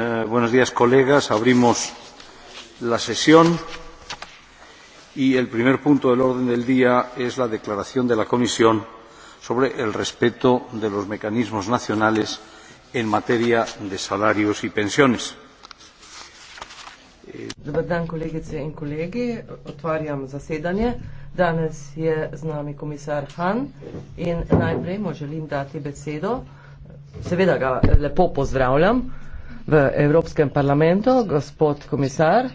Eh, buenos días colegas abrimos la sesión y el primer punto del orden del día es la declaración de la comisión sobre el respeto de los mecanismos nacionales en materia de salarios y pensiones. Eh, Dobar dan, kolegice in kolegi. Otvarjam zasedanje. Danes je z nami komisar Han in najprej mu želim dati besedo. Seveda ga lepo pozdravljam v Evropskem parlamentu, gospod komisar,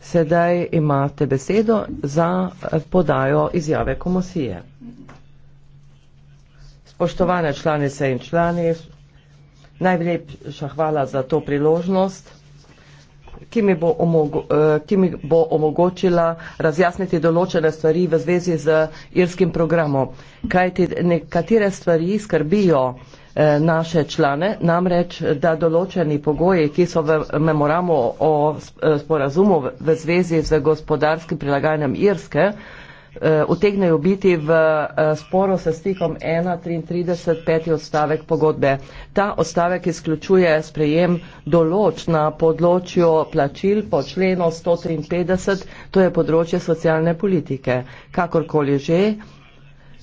sedaj imate besedo za podajo izjave komisije. Spoštovane članice in člani, najlepša hvala za to priložnost, ki mi bo, omogo eh, ki mi bo omogočila razjasniti določene stvari v zvezi z irskim programom. Kajti nekatere stvari skrbijo Eh, naše člane, namreč, da določeni pogoji, ki so v memoramu o eh, sporazumu v zvezi z gospodarskim prilagajanjem Irske, eh, utegnejo biti v sporo s stikom 1.33.5. odstavek pogodbe. Ta odstavek izključuje sprejem določ na področju plačil po členu 153, to je področje socialne politike. Kakorkoli že,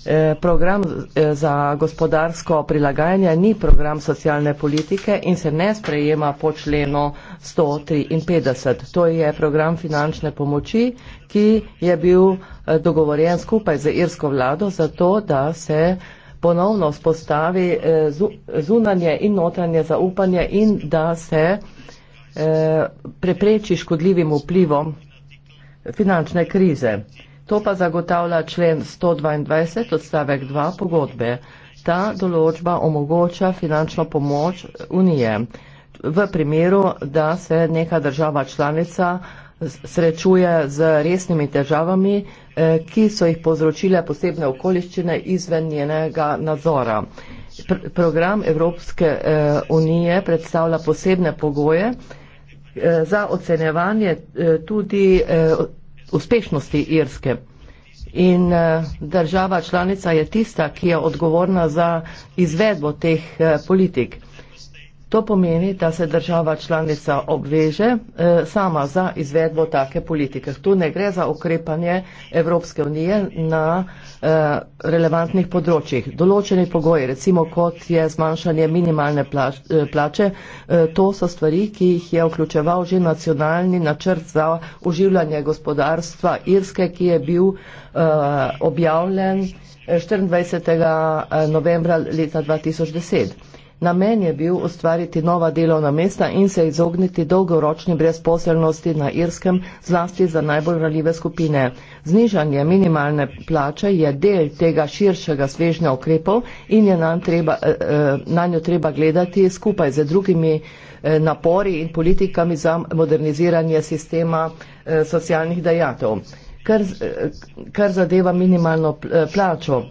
E, program e, za gospodarsko prilagajanje ni program socialne politike in se ne sprejema po členu 153. To je program finančne pomoči, ki je bil e, dogovorjen skupaj z irsko vlado za to, da se ponovno spostavi zunanje in notranje zaupanje in da se prepreči škodljivim vplivom finančne krize. To pa zagotavlja člen 122 odstavek 2 pogodbe. Ta določba omogoča finančno pomoč Unije v primeru, da se neka država članica srečuje z resnimi težavami, eh, ki so jih povzročile posebne okoliščine izven njenega nadzora. Pr program Evropske eh, unije predstavlja posebne pogoje eh, za ocenjevanje tudi uspešnosti Irske. In eh, država članica je tista, ki je odgovorna za izvedbo teh eh, politik. To pomeni, da se država članica obveže eh, sama za izvedbo take politike. Tu ne gre za ukrepanje Evropske unije na eh, relevantnih področjih. Določeni pogoji, recimo kot je zmanjšanje minimalne eh, plače, to so stvari, ki jih je vključeval že nacionalni načrt za uživljanje gospodarstva Irske, ki je bil objavljen 24. novembra leta 2010. Namen je bil ustvariti nova delovna mesta in se izogniti dolgoročni brezposelnosti na Irskem, zlasti za najbolj ranljive skupine. Znižanje minimalne plače je del tega širšega svežnja okrepov in je nanj treba, eh, eh, na njo treba gledati skupaj z drugimi eh, napori in politikami za moderniziranje sistema socialnih dejatov. Kar, kar zadeva minimalno plačo.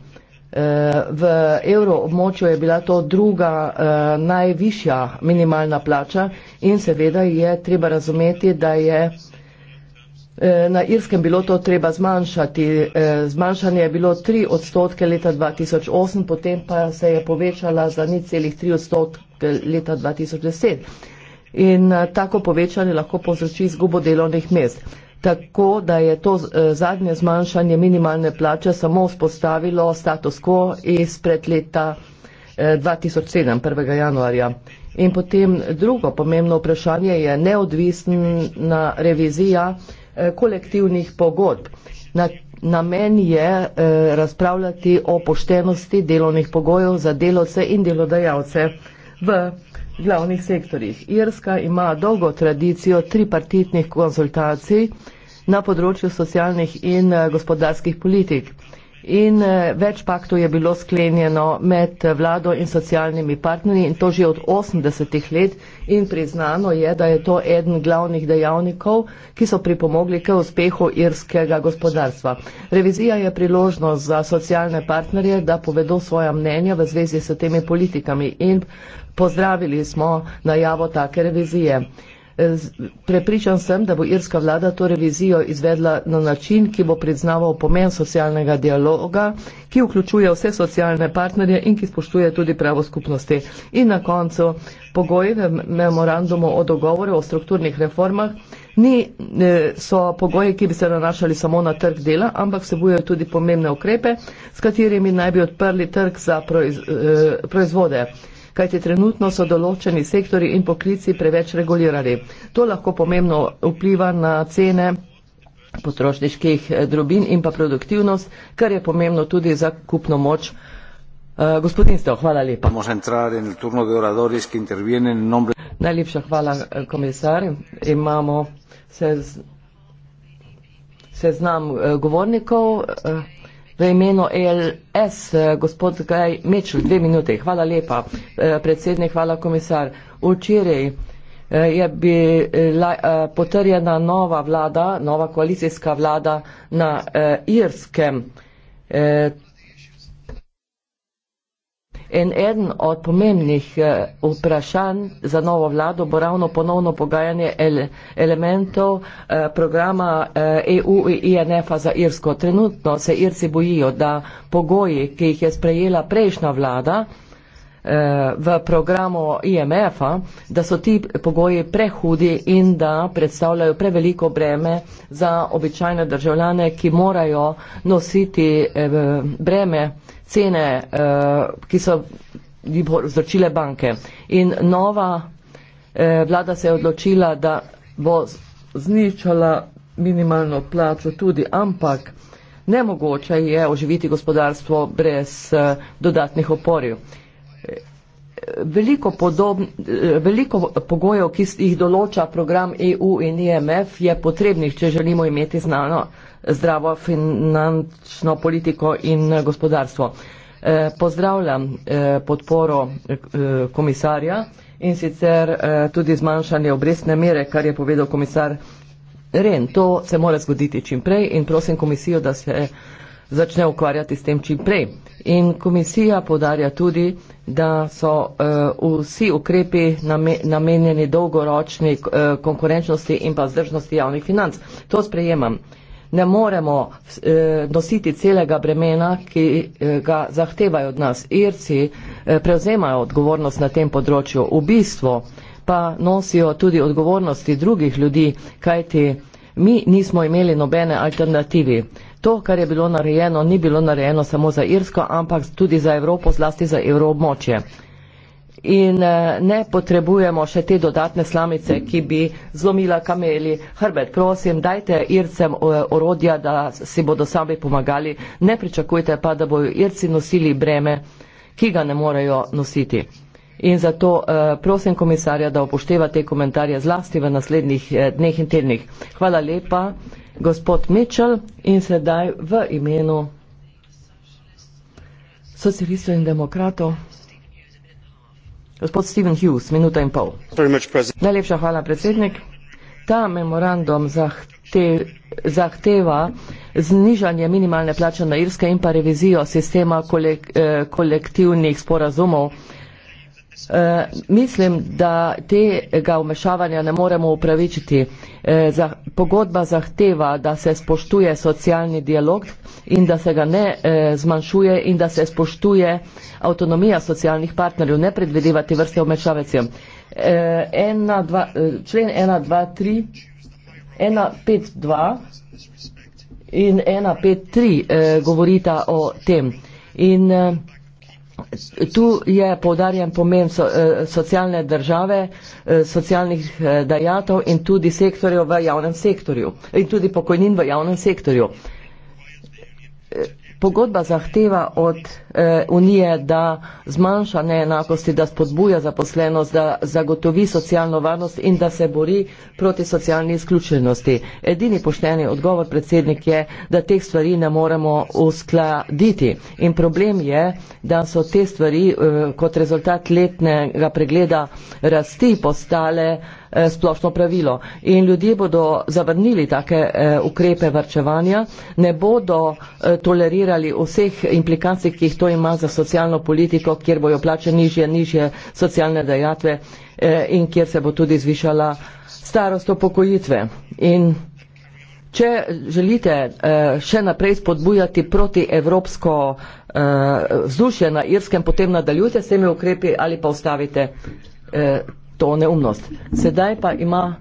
Eh, v evroobmočju je bila to druga eh, najvišja minimalna plača in seveda je treba razumeti, da je eh, na Irskem bilo to treba zmanjšati. Zmanjšanje je bilo 3 odstotke leta 2008, potem pa se je povečala za ni celih 3 odstotke leta 2010. In tako povečanje lahko povzroči izgubo delovnih mest tako da je to eh, zadnje zmanjšanje minimalne plače samo vzpostavilo status quo izpred leta 2007, eh, 1. januarja. In potem drugo pomembno vprašanje je neodvisna revizija eh, kolektivnih pogodb. Namen je razpravljati o poštenosti delovnih pogojev za delovce in delodajalce v glavnih sektorjih. Irska ima dolgo tradicijo tripartitnih konzultacij na področju socialnih in eh, gospodarskih politik in eh, več paktov je bilo sklenjeno med vlado in socialnimi partnerji in to že od 80-ih let in priznano je, da je to eden glavnih dejavnikov, ki so pripomogli k uspehu irskega gospodarstva. Revizija je priložnost za socialne partnerje, da povedo svoja mnenja v zvezi s temi politikami in pozdravili smo najavo take revizije. Eh, prepričan sem, da bo irska vlada to revizijo izvedla na način, ki bo priznaval pomen socialnega dialoga, ki vključuje vse socialne partnerje in ki spoštuje tudi pravo skupnosti. In na koncu pogoji v memorandumu o dogovoru o strukturnih reformah ni, eh, so pogoji, ki bi se nanašali samo na trg dela, ampak vsebujejo tudi pomembne ukrepe, s katerimi naj bi odprli trg za proiz, eh, proizvode kajti trenutno so določeni sektori in poklici preveč regulirali. To lahko pomembno vpliva na cene potrošniških eh, drobin in pa produktivnost, kar je pomembno tudi za kupno moč. Uh, eh, gospodinstvo, hvala lepa. En turno de oradores, ki en nombre... Najlepša hvala, eh, komisar. Imamo seznam se govornikov. Uh, v imenu ELS, eh, gospod Gaj Mečl, dve minute. Hvala lepa, eh, predsednik, hvala komisar. Včeraj eh, je bila potrjena nova vlada, nova koalicijska vlada na Irskem. In eden od pomembnih eh, vprašanj za novo vlado bo ravno ponovno pogajanje elementov eh, programa EU eh, e in INF-a za Irsko. Trenutno se Irci bojijo, da pogoji, ki jih je sprejela prejšnja vlada v programu IMF-a, da so ti pogoji prehudi in da predstavljajo preveliko breme za običajne državljane, ki morajo nositi breme cene, uh, ki so jih vzročile banke. In nova eh, vlada se je odločila, da bo zničala minimalno plačo tudi, ampak nemogoče je oživiti gospodarstvo brez eh, dodatnih oporjev. Eh, veliko, podob, eh, veliko pogojev, ki jih določa program EU in IMF, e je potrebnih, če želimo imeti znano zdravo finančno politiko in gospodarstvo. E, pozdravljam e, podporo e, komisarja in sicer tudi zmanjšanje obrestne mere, kar je povedal komisar Ren. To se mora zgoditi čim prej in prosim komisijo, da se začne ukvarjati s tem čim prej. In komisija podarja tudi, da so vsi ukrepi namenjeni dolgoročni konkurenčnosti in pa zdržnosti javnih financ. To sprejemam ne moremo eh, nositi celega bremena, ki eh, ga zahtevajo od nas. Irci eh, prevzemajo odgovornost na tem področju, v bistvu pa nosijo tudi odgovornosti drugih ljudi, kajti mi nismo imeli nobene alternativi. To, kar je bilo narejeno, ni bilo narejeno samo za Irsko, ampak tudi za Evropo, zlasti za Evropo območje in eh, ne potrebujemo še te dodatne slamice, ki bi zlomila kameli. Hrbet, prosim, dajte Ircem eh, orodja, da si bodo sami pomagali. Ne pričakujte pa, da bojo Irci nosili breme, ki ga ne morejo nositi. In zato eh, prosim komisarja, da upošteva te komentarje zlasti v naslednjih eh, dneh in tednih. Hvala lepa, gospod Mitchell, in sedaj v imenu socialistov in demokratov. Gospod Steven Hughes, minuta in pol. Najlepša hvala, predsednik. Ta memorandum zahte, zahteva znižanje minimalne plače na Irske in pa revizijo sistema kolek, eh, kolektivnih sporazumov. Eh, mislim, da tega vmešavanja ne moremo upravičiti. Eh, za, pogodba zahteva, da se spoštuje socialni dialog in da se ga ne eh, zmanjšuje in da se spoštuje avtonomija socialnih partnerjev, ne predvidevati vrste vmešavacijem. Eh, ena, dva, eh, člen 1, 2, 3, 1, 5, 2 in 1, 5, 3 eh, govorita o tem. In, eh, Tu je povdarjen pomen so, eh, socialne države, eh, socialnih eh, dajatov in tudi sektorjev v javnem sektorju in tudi pokojnin v javnem sektorju. Pogodba zahteva od eh, Unije, da zmanjša neenakosti, da spodbuja zaposlenost, da zagotovi socialno varnost in da se bori proti socialni izključenosti. Edini pošteni odgovor predsednik je, da teh stvari ne moremo uskladiti. In problem je, da so te stvari eh, kot rezultat letnega pregleda rasti postale eh, Eh, splošno pravilo. In ljudje bodo zavrnili take eh, ukrepe varčevanja, ne bodo eh, tolerirali vseh implikacij, ki jih to ima za socialno politiko, kjer bojo plače nižje, nižje socialne dejatve in kjer se bo tudi zvišala starost opokojitve. In če želite še naprej spodbujati proti evropsko vzdušje na Irskem, potem nadaljujte s temi ukrepi ali pa ustavite to neumnost. Sedaj pa ima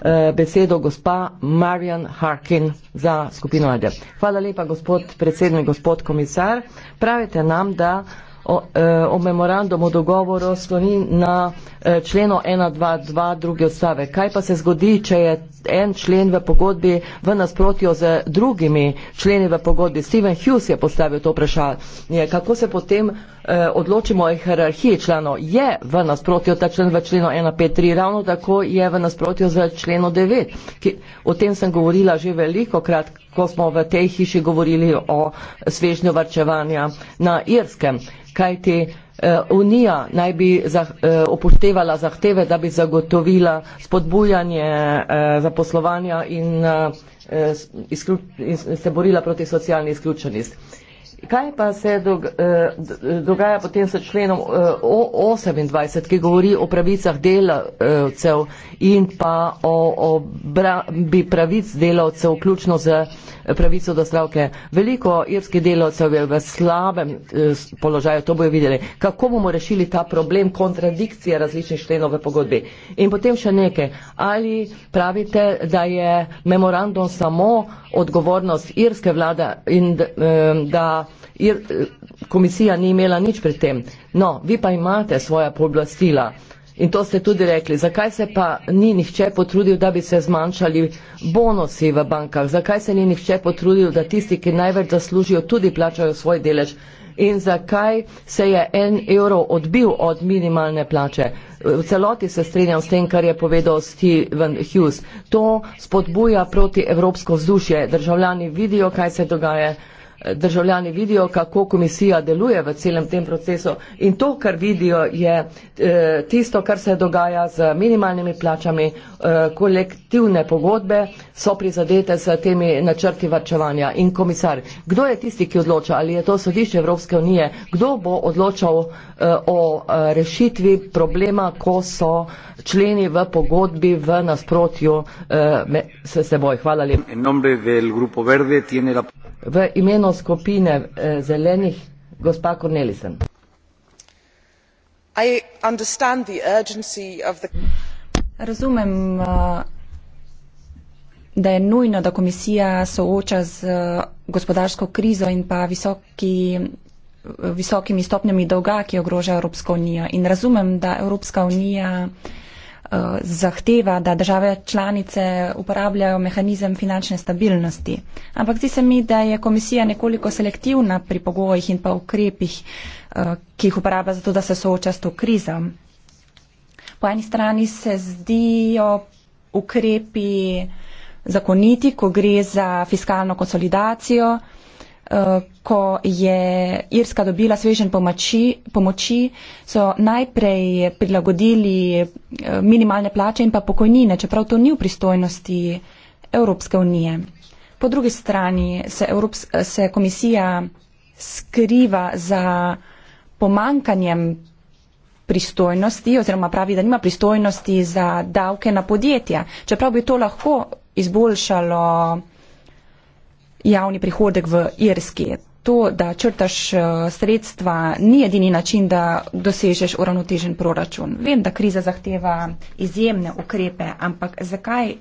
eh, besedo gospa Marian Harkin za skupino Ade. Hvala lepa, gospod predsednik, gospod komisar. Pravite nam, da o, eh, o memorandumu dogovoru sloni na eh, členu 1.2.2 druge odstave. Kaj pa se zgodi, če je en člen v pogodbi v nasprotju z drugimi členi v pogodbi? Steven Hughes je postavil to vprašanje. Kako se potem Eh, odločimo o hierarhiji članov, je v nasprotju ta člen v členu 153, ravno tako je v nasprotju z členu 9. Ki, o tem sem govorila že veliko krat, ko smo v tej hiši govorili o svežnju varčevanja na Irskem. Kajti eh, Unija naj bi zah, eh, upoštevala zahteve, da bi zagotovila spodbujanje eh, zaposlovanja in, eh, in se borila proti socialni izključenosti kaj pa se dog, eh, dogaja potem s členom 28, eh, ki govori o pravicah delavcev in pa o obrambi pravic delavcev, vključno z pravico do zdravke. Veliko irskih delovcev je v slabem eh, položaju, to bojo videli. Kako bomo rešili ta problem kontradikcije različnih členov v pogodbi? In potem še nekaj. Ali pravite, da je memorandum samo odgovornost irske vlade in eh, da. Ir, eh, komisija ni imela nič pred tem. No, vi pa imate svoja pooblastila. In to ste tudi rekli. Zakaj se pa ni nihče potrudil, da bi se zmanjšali bonusi v bankah? Zakaj se ni nihče potrudil, da tisti, ki največ zaslužijo, tudi plačajo svoj delež? In zakaj se je en evro odbil od minimalne plače? V celoti se strinjam s tem, kar je povedal Steven Hughes. To spodbuja proti evropsko vzdušje. Državljani vidijo, kaj se dogaja državljani vidijo, kako komisija deluje v celem tem procesu. In to, kar vidijo, je eh, tisto, kar se dogaja z minimalnimi plačami. Eh, kolektivne pogodbe so prizadete s temi načrti varčevanja. In komisar, kdo je tisti, ki odloča? Ali je to sodišče Evropske unije? Kdo bo odločal eh, o rešitvi problema, ko so členi v pogodbi v nasprotju s seboj? Hvala lepa v imenu skupine eh, zelenih gospa Kornelisen. The... Razumem, eh, da je nujno, da komisija sooča z eh, gospodarsko krizo in pa visoki, visokimi stopnjami dolga, ki ogroža Evropsko unijo. In razumem, da Evropska unija. Eh, zahteva, da države članice uporabljajo mehanizem finančne stabilnosti. Ampak zdi se mi, da je komisija nekoliko selektivna pri pogojih in pa ukrepih, eh, ki jih uporablja zato, da se sooča s to krizo. Po eni strani se zdijo ukrepi zakoniti, ko gre za fiskalno konsolidacijo, Eh, ko je Irska dobila svežen pomoči, pomoči, so najprej prilagodili eh, minimalne plače in pa pokojnine, čeprav to ni v pristojnosti Evropske unije. Po drugi strani se, Evrops se komisija skriva za pomankanjem pristojnosti oziroma pravi, da nima pristojnosti za davke na podjetja, čeprav bi to lahko izboljšalo javni prihodek v Irski. To, da črtaš eh, sredstva, ni edini način, da dosežeš uravnotežen proračun. Vem, da kriza zahteva izjemne ukrepe, ampak zakaj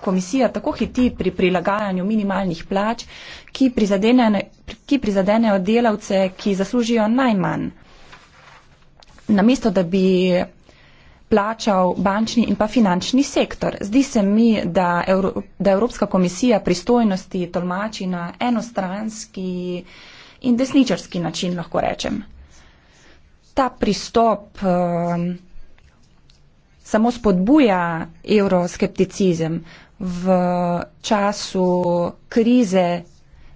komisija tako hiti pri prilagajanju minimalnih plač, ki prizadenejo, ki prizadenejo delavce, ki zaslužijo najmanj? Namesto, da bi plačal bančni in pa finančni sektor. Zdi se mi, da, Evro, da Evropska komisija pristojnosti tolmači na enostranski in desničarski način, lahko rečem. Ta pristop uh, samo spodbuja euroskepticizem. V času krize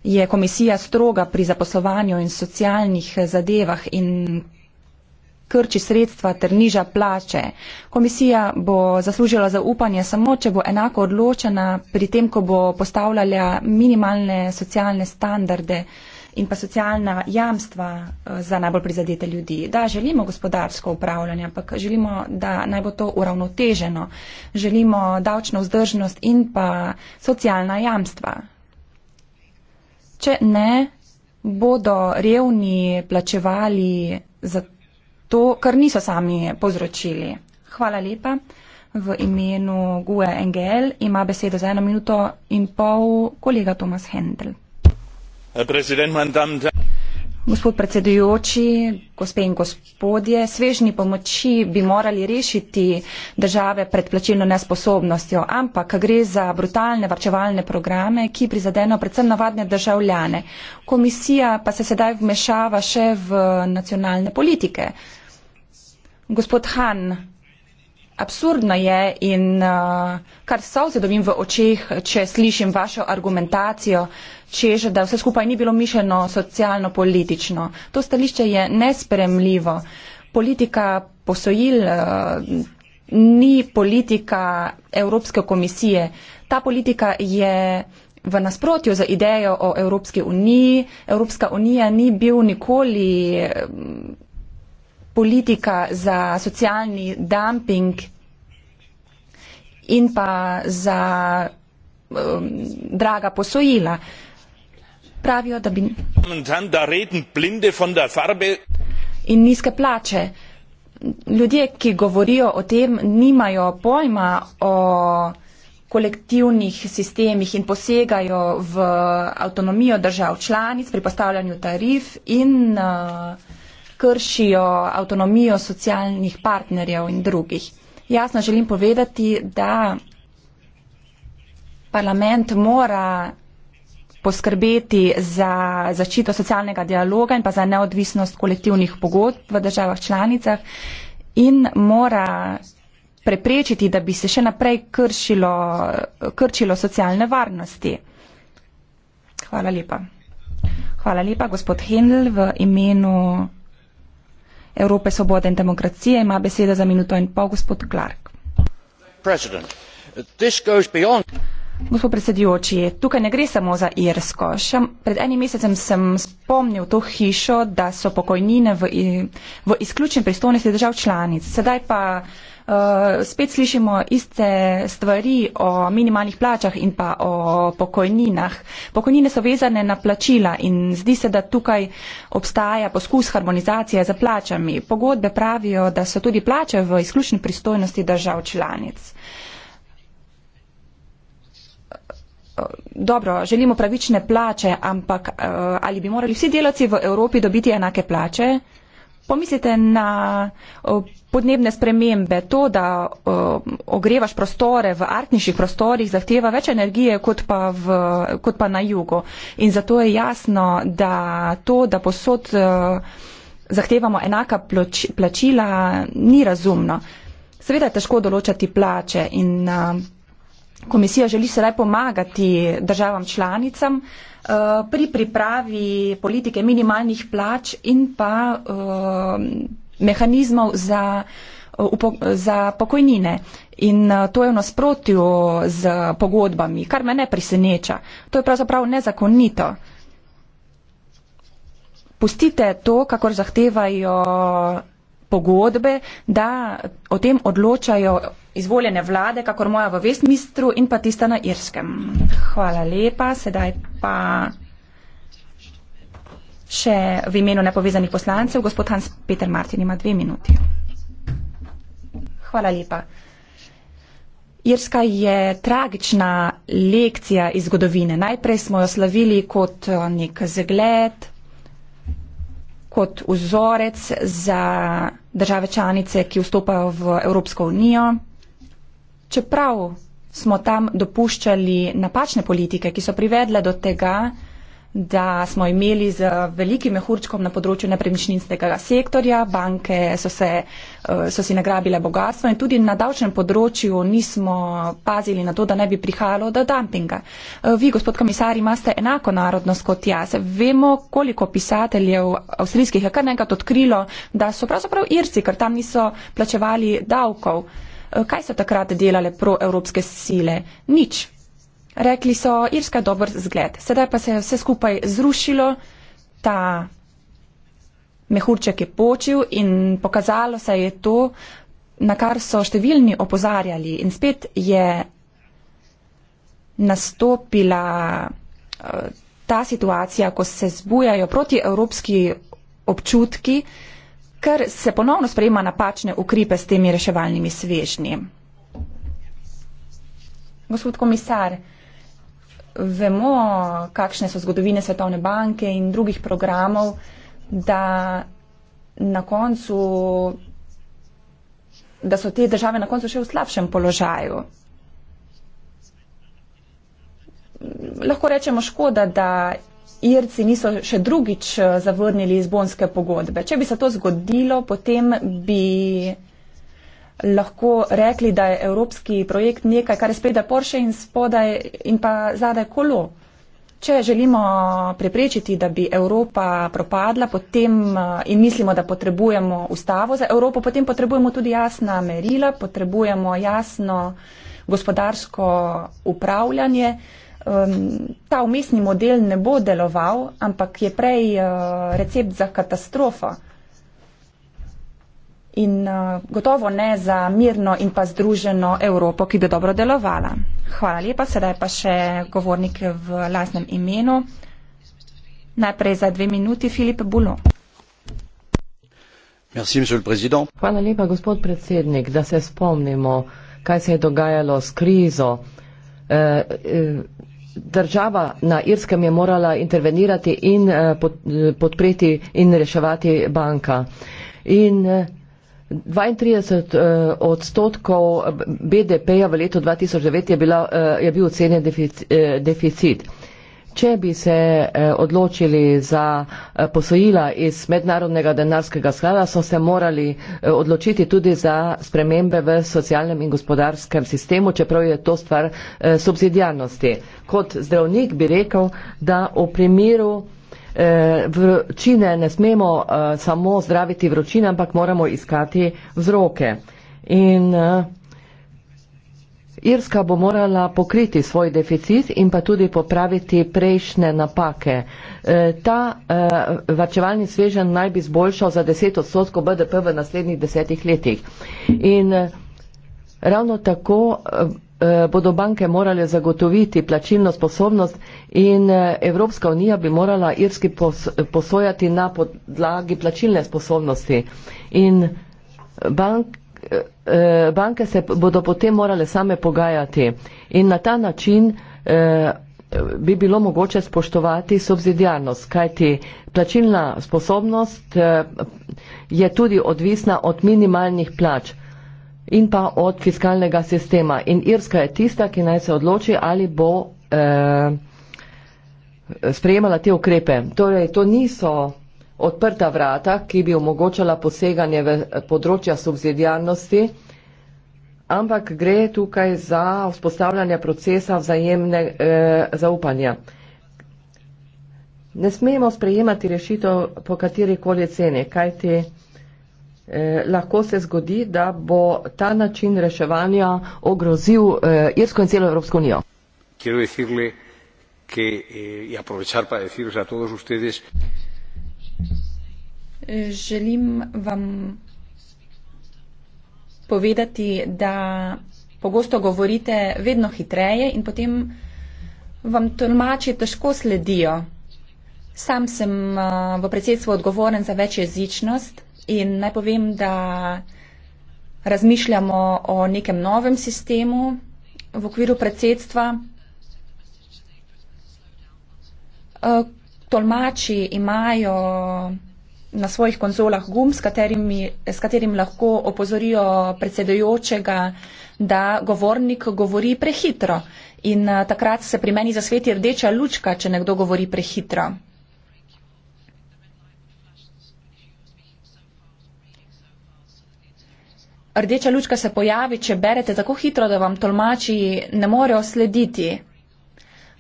je komisija stroga pri zaposlovanju in socialnih zadevah in krči sredstva ter niža plače. Komisija bo zaslužila zaupanje samo, če bo enako odločena pri tem, ko bo postavljala minimalne socialne standarde in pa socialna jamstva eh, za najbolj prizadete ljudi. Da, želimo gospodarsko upravljanje, ampak želimo, da naj bo to uravnoteženo. Želimo davčno vzdržnost in pa socialna jamstva. Če ne, bodo revni plačevali za to, to, kar niso sami povzročili. Hvala lepa. V imenu GUE NGL ima besedo za eno minuto in pol kolega Tomas Hendel. Gospod predsedujoči, gospe in gospodje, svežni pomoči bi morali rešiti države pred plačilno nesposobnostjo, ampak gre za brutalne varčevalne programe, ki prizadenejo predvsem navadne državljane. Komisija pa se sedaj vmešava še v nacionalne politike. Gospod Han, absurdno je in uh, kar solze dobim v očeh, če slišim vašo argumentacijo, če že, da vse skupaj ni bilo mišljeno socialno-politično. To stališče je nespremljivo. Politika posojil uh, ni politika Evropske komisije. Ta politika je v nasprotju za idejo o Evropski uniji. Evropska unija ni bil nikoli. Uh, politika za socialni dumping in pa za um, draga posojila. Pravijo, da bi. In nizke plače. Ljudje, ki govorijo o tem, nimajo pojma o kolektivnih sistemih in posegajo v avtonomijo držav članic pri postavljanju tarif in uh, kršijo avtonomijo socialnih partnerjev in drugih. Jasno želim povedati, da parlament mora poskrbeti za začito socialnega dialoga in pa za neodvisnost kolektivnih pogodb v državah članicah in mora preprečiti, da bi se še naprej kršilo, krčilo socialne varnosti. Hvala lepa. Hvala lepa, gospod Hendl, v imenu Evrope Svobode in Demokracije ima beseda za minuto in pol gospod Clark. Gospod predsedujoči, tukaj ne gre samo za Irsko. Še pred enim mesecem sem spomnil to hišo, da so pokojnine v, v izključni pristojnosti držav članic. Sedaj pa uh, spet slišimo iste stvari o minimalnih plačah in pa o pokojninah. Pokojnine so vezane na plačila in zdi se, da tukaj obstaja poskus harmonizacije za plačami. Pogodbe pravijo, da so tudi plače v izključni pristojnosti držav članic. Dobro, želimo pravične plače, ampak eh, ali bi morali vsi delavci v Evropi dobiti enake plače? Uh, pomislite na podnebne spremembe. To, da ogrevaš prostore v arktiških prostorih, zahteva več energije kot pa, v, kot pa na jugu. In zato je jasno, da to, da posod zahtevamo enaka plačila, ni razumno. Seveda je težko določati plače in komisija želi sedaj pomagati državam članicam, Eh, pri pripravi politike minimalnih plač in pa eh, mehanizmov za, eh, za pokojnine. In to je v nasprotju z pogodbami, kar me ne priseneča. To je pravzaprav nezakonito. Pustite to, kakor zahtevajo pogodbe, da o tem odločajo izvoljene vlade, kakor moja v Vestmistru in pa tista na Irskem. Hvala lepa, sedaj pa še v imenu nepovezanih poslancev, gospod Hans Peter Martin ima dve minuti. Hvala lepa. Irska je tragična lekcija iz zgodovine. Najprej smo jo slavili kot eh, nek zgled, kot vzorec za države članice, ki vstopajo v Evropsko unijo. Čeprav smo tam dopuščali napačne politike, ki so privedle do tega, da smo imeli z velikim mehurčkom na področju nepremičninskega sektorja, banke so, se, eh, so si nagrabile bogatstvo in tudi na davčnem področju nismo pazili na to, da ne bi prihajalo do dumpinga. Eh, vi, gospod komisar, imate enako narodnost kot jaz. Vemo, koliko pisateljev avstrijskih je kar nekaj odkrilo, da so pravzaprav Irci, ker tam niso plačevali davkov. Eh, kaj so takrat delale proevropske sile? Nič. Rekli so, Irska je dober zgled. Sedaj pa se je vse skupaj zrušilo, ta mehurček je počil in pokazalo se je to, na kar so številni opozarjali. In spet je nastopila eh, ta situacija, ko se zbujajo protievropski občutki, ker se ponovno sprejema napačne ukripe s temi reševalnimi svežnji. Gospod komisar, vemo, kakšne so zgodovine Svetovne banke in drugih programov, da na koncu da so te države na koncu še v slabšem položaju. Lahko rečemo škoda, da Irci niso še drugič zavrnili iz bonske pogodbe. Če bi se to zgodilo, potem bi lahko rekli, da je evropski projekt nekaj, kar je spredaj Porsche in spodaj in pa zadaj kolo. Če želimo preprečiti, da bi Evropa propadla potem, eh, in mislimo, da potrebujemo ustavo za Evropo, potem potrebujemo tudi jasna merila, potrebujemo jasno gospodarsko upravljanje. Ta umestni model ne bo deloval, ampak je prej eh, recept za katastrofo in eh, gotovo ne za mirno in pa združeno Evropo, ki bi dobro delovala. Hvala lepa, sedaj pa še govornik v lasnem imenu. Najprej za dve minuti Filip Bulo. Hvala lepa, gospod predsednik, da se spomnimo, kaj se je dogajalo s krizo. Eh, eh, država na Irskem je morala intervenirati in podpreti in reševati banka. In 32 eh, odstotkov eh, BDP-ja v letu 2009 je, bila, eh, je bil ocenjen deficit. Če bi se odločili za posojila iz mednarodnega denarskega sklada, so se morali odločiti tudi za spremembe v socialnem in gospodarskem sistemu, čeprav je to stvar subsidijarnosti. Kot zdravnik bi rekel, da v primeru Eh, vročine ne smemo eh, samo zdraviti vročine, ampak moramo iskati vzroke. In eh, Irska bo morala pokriti svoj deficit in pa tudi popraviti prejšnje napake. Ta vrčevalni svežen naj bi zboljšal za 10 odstotkov BDP v naslednjih desetih letih. In ravno tako Eh, bodo banke morale zagotoviti plačilno sposobnost in eh, Evropska unija bi morala irski pos, posojati na podlagi plačilne sposobnosti. In bank, eh, eh banke se bodo potem morale same pogajati in na ta način eh, bi bilo mogoče spoštovati subsidijarnost, kajti plačilna sposobnost eh, je tudi odvisna od minimalnih plač in pa od fiskalnega sistema. In Irska je tista, ki naj se odloči, ali bo eh, sprejemala te ukrepe. Torej, to niso odprta vrata, ki bi omogočala poseganje v eh, področja subsidijarnosti, ampak gre tukaj za vzpostavljanje procesa vzajemne eh, zaupanja. Ne smemo sprejemati rešitev po kateri koli ceni, kajti. Eh, lahko se zgodi, da bo ta način reševanja ogrozil eh, Irsko in celo Evropsko unijo. Que, eh, y aprovechar para deciros a todos ustedes. Eh, želim vam povedati, da pogosto govorite vedno hitreje in potem vam tolmači težko sledijo. Sam sem v predsedstvu odgovoren za večjezičnost. In naj povem, da razmišljamo o nekem novem sistemu v okviru predsedstva. E, tolmači imajo na svojih konzolah gum, s, katerimi, s katerim lahko opozorijo predsedojočega, da govornik govori prehitro. In e, takrat se pri meni zasveti rdeča lučka, če nekdo govori prehitro. rdeča lučka se pojavi, če berete tako hitro, da vam tolmači ne morejo slediti.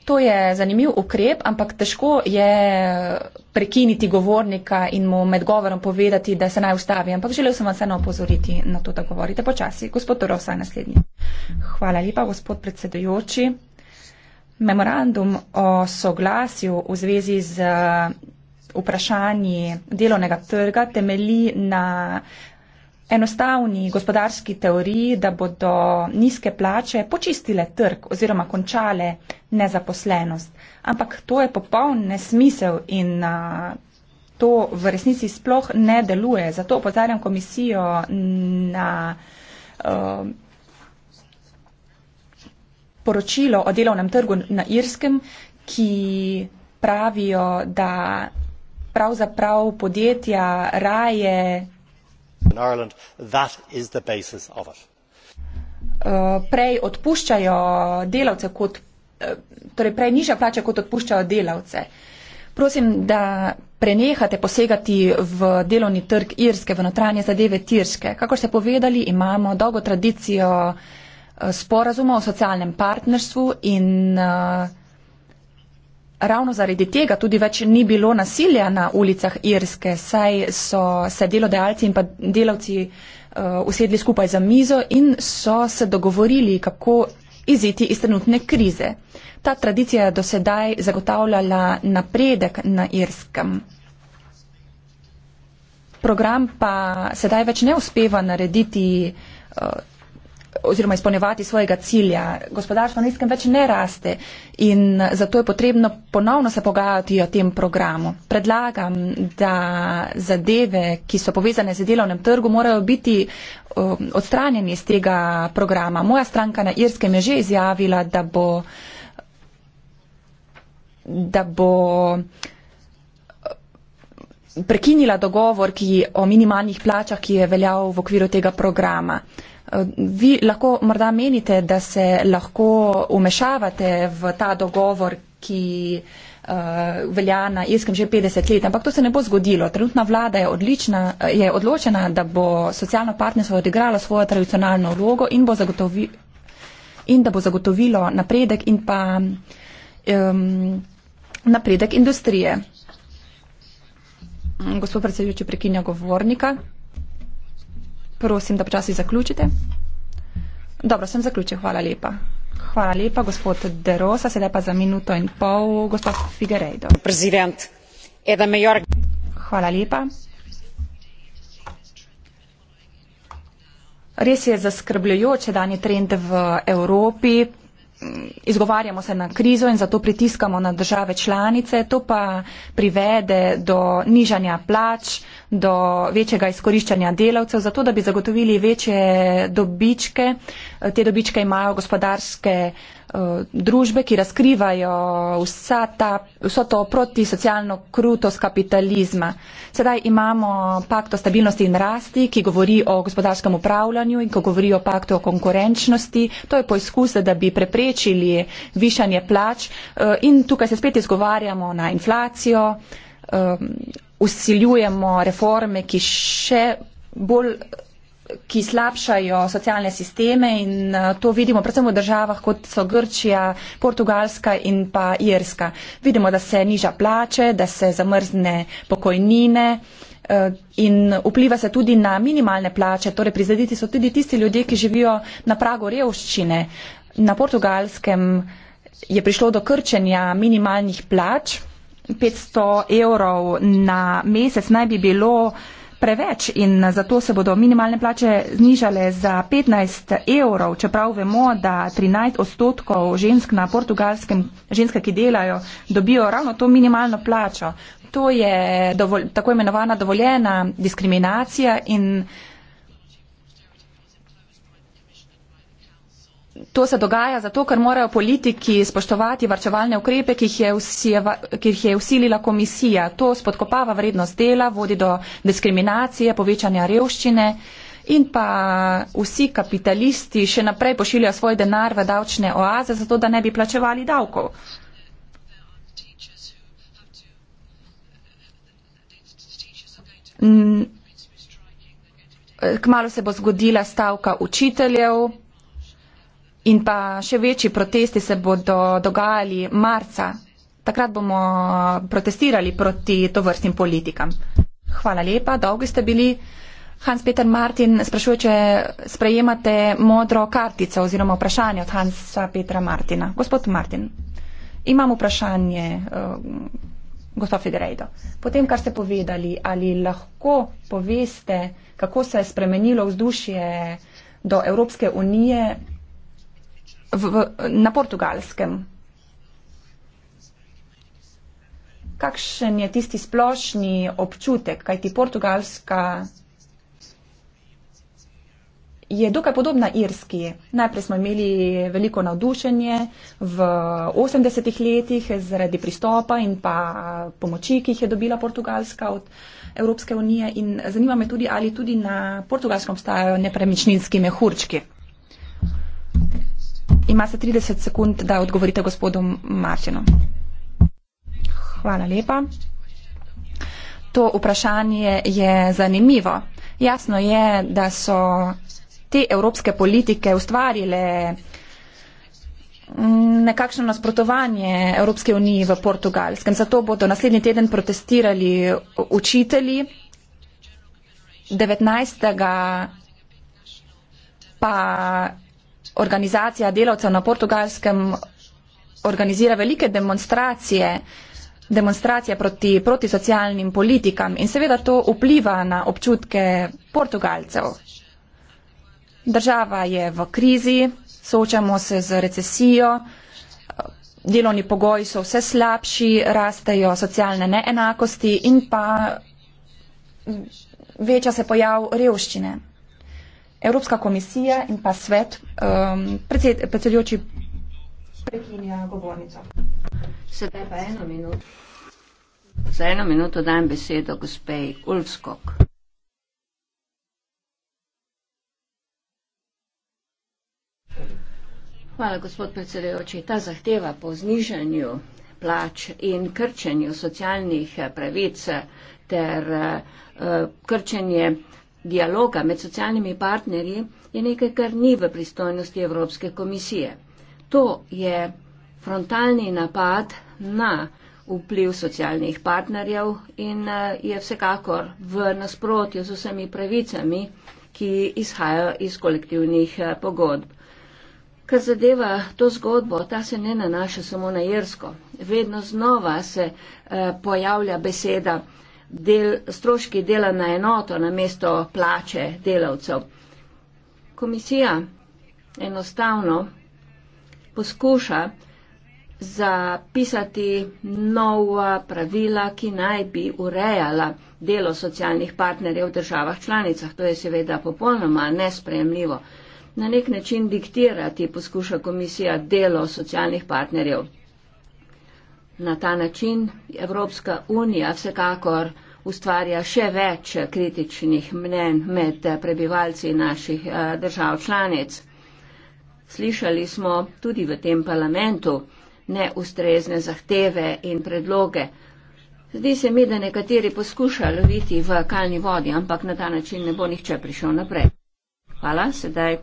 To je zanimiv ukrep, ampak težko je prekiniti govornika in mu med govorom povedati, da se naj ustavi. Ampak želel sem vas vseeno opozoriti na to, da govorite počasi. Gospod Torov, saj naslednji. Hvala lepa, gospod predsedujoči. Memorandum o soglasju v zvezi z uh, vprašanji delovnega trga temeli na enostavni gospodarski teoriji, da bodo nizke plače počistile trg oziroma končale nezaposlenost. Ampak to je popoln nesmisel in a, to v resnici sploh ne deluje. Zato opozarjam komisijo na. A, poročilo o delovnem trgu na Irskem, ki pravijo, da pravzaprav podjetja raje in Ireland. That is the basis of it. Eh, prej odpuščajo delavce kot, eh, torej prej nižja plača kot odpuščajo delavce. Prosim, da prenehate posegati v delovni trg Irske, v notranje zadeve Tirške. Kako ste povedali, imamo dolgo tradicijo eh, sporazuma o socialnem partnerstvu in uh, Ravno zaradi tega tudi več ni bilo nasilja na ulicah Irske, saj so se delodajalci in pa delavci eh, usedli uh, skupaj za mizo in so se dogovorili, kako iziti iz trenutne krize. Ta tradicija je dosedaj zagotavljala napredek na Irskem. Program pa sedaj več ne uspeva narediti uh, oziroma izpolnjevati svojega cilja. Gospodarstvo na nizkem več ne raste in zato je potrebno ponovno se pogajati o tem programu. Predlagam, da zadeve, ki so povezane z delovnem trgu, morajo biti um, odstranjeni iz tega programa. Moja stranka na Irskem je že izjavila, da bo, da bo prekinila dogovor ki, o minimalnih plačah, ki je veljal v okviru tega programa. Vi lahko morda menite, da se lahko umešavate v ta dogovor, ki uh, velja na Irskem že 50 let, ampak to se ne bo zgodilo. Trenutna vlada je, odlična, je odločena, da bo socialno partnerstvo odigralo svojo tradicionalno vlogo in, zagotovi, in da bo zagotovilo napredek in pa um, napredek industrije. Gospod predsedujoči prekinja govornika. Prosim, da počasi zaključite. Dobro, sem zaključil. Hvala lepa. Hvala lepa, gospod Derosa. Sedaj pa za minuto in pol, gospod Figueiredo. Hvala lepa. Res je zaskrbljujoče danji trend v Evropi, izgovarjamo se na krizo in zato pritiskamo na države članice, to pa privede do nižanja plač, do večjega izkoriščanja delavcev, zato da bi zagotovili večje dobičke. Te dobičke imajo gospodarske Eh, družbe, ki razkrivajo ta, vso to protisocialno krutost kapitalizma. Sedaj imamo pakt o stabilnosti in rasti, ki govori o gospodarskem upravljanju in ko govori o paktu o konkurenčnosti. To je poizkus, da bi preprečili višanje plač eh, in tukaj se spet izgovarjamo na inflacijo, eh, usiljujemo reforme, ki še bolj ki slabšajo socialne sisteme in eh, to vidimo predvsem v državah, kot so Grčija, Portugalska in pa Irska. Vidimo, da se niža plače, da se zamrzne pokojnine. Eh, in vpliva se tudi na minimalne plače, torej prizaditi so tudi tisti ljudje, ki živijo na pragu revščine. Na portugalskem je prišlo do krčenja minimalnih plač, 500 evrov na mesec naj bi bilo uh, preveč in zato se bodo minimalne plače znižale za 15 evrov, čeprav vemo, da 13 odstotkov žensk na portugalskem, ženske, ki delajo, dobijo ravno to minimalno plačo. To je dovolj, tako imenovana dovoljena diskriminacija in To se dogaja zato, ker morajo politiki spoštovati varčevalne ukrepe, ki jih je, usijeva, ki jih je usilila komisija. To spodkopava vrednost dela, vodi do diskriminacije, povečanja revščine in pa vsi kapitalisti še naprej pošiljajo svoj denar v davčne oaze, zato da ne bi plačevali davkov. Kmalo se bo zgodila stavka učiteljev. In pa še večji protesti se bodo dogajali marca. Takrat bomo protestirali proti tovrstnim politikam. Hvala lepa, dolgi ste bili. Hans Peter Martin sprašuje, če sprejemate modro kartico oziroma vprašanje od Hansa Petra Martina. Gospod Martin, imam vprašanje, uh, gospod Federejdo. Potem, kar ste povedali, ali lahko poveste, kako se je spremenilo vzdušje do Evropske unije v, v, na portugalskem. Kakšen je tisti splošni občutek, kajti portugalska je dokaj podobna irski. Najprej smo imeli veliko navdušenje v 80-ih letih zaradi pristopa in pa pomoči, ki jih je dobila portugalska od Evropske unije. In zanima me tudi, ali tudi na portugalskem obstajajo nepremičninski mehurčki. Imate 30 sekund, da odgovorite gospodu Martinu. Hvala lepa. To vprašanje je zanimivo. Jasno je, da so te evropske politike ustvarile nekakšno nasprotovanje Evropski uniji v Portugalskem, zato bodo naslednji teden protestirali učitelji, devetnajstega pa organizacija delavcev na portugalskem organizira velike demonstracije, demonstracije proti, proti socialnim politikam in seveda to vpliva na občutke portugalcev. Država je v krizi, soočamo se z recesijo, delovni pogoji so vse slabši, rastejo socialne neenakosti in pa večja se pojav revščine. Evropska komisija in pa svet, um, predsedujoči, prekinja govornico. Sedaj pa eno minuto. Za eno minuto dajem besedo gospej Ulfskog. Hvala, gospod predsedujoči. Ta zahteva po znižanju plač in krčenju socialnih pravic ter uh, krčenje uh, dialoga med socialnimi partnerji je nekaj, kar ni v pristojnosti Evropske komisije. To je frontalni napad na vpliv socialnih partnerjev in eh, je vsekakor v nasprotju z vsemi pravicami, ki izhajajo iz kolektivnih eh, pogodb. Kar zadeva to zgodbo, ta se ne nanaša samo na Jersko. Vedno znova se eh, pojavlja beseda del, stroški dela na enoto na mesto plače delavcev. Komisija enostavno poskuša zapisati nova pravila, ki naj bi urejala delo socialnih partnerjev v državah članicah. To je seveda popolnoma nesprejemljivo. Na nek način diktirati poskuša komisija delo socialnih partnerjev na ta način Evropska unija vsekakor ustvarja še več kritičnih mnen med prebivalci naših eh, držav članic. Slišali smo tudi v tem parlamentu neustrezne zahteve in predloge. Zdi se mi, da nekateri poskušajo loviti v kalni vodi, ampak na ta način ne bo nihče prišel naprej. Hvala, sedaj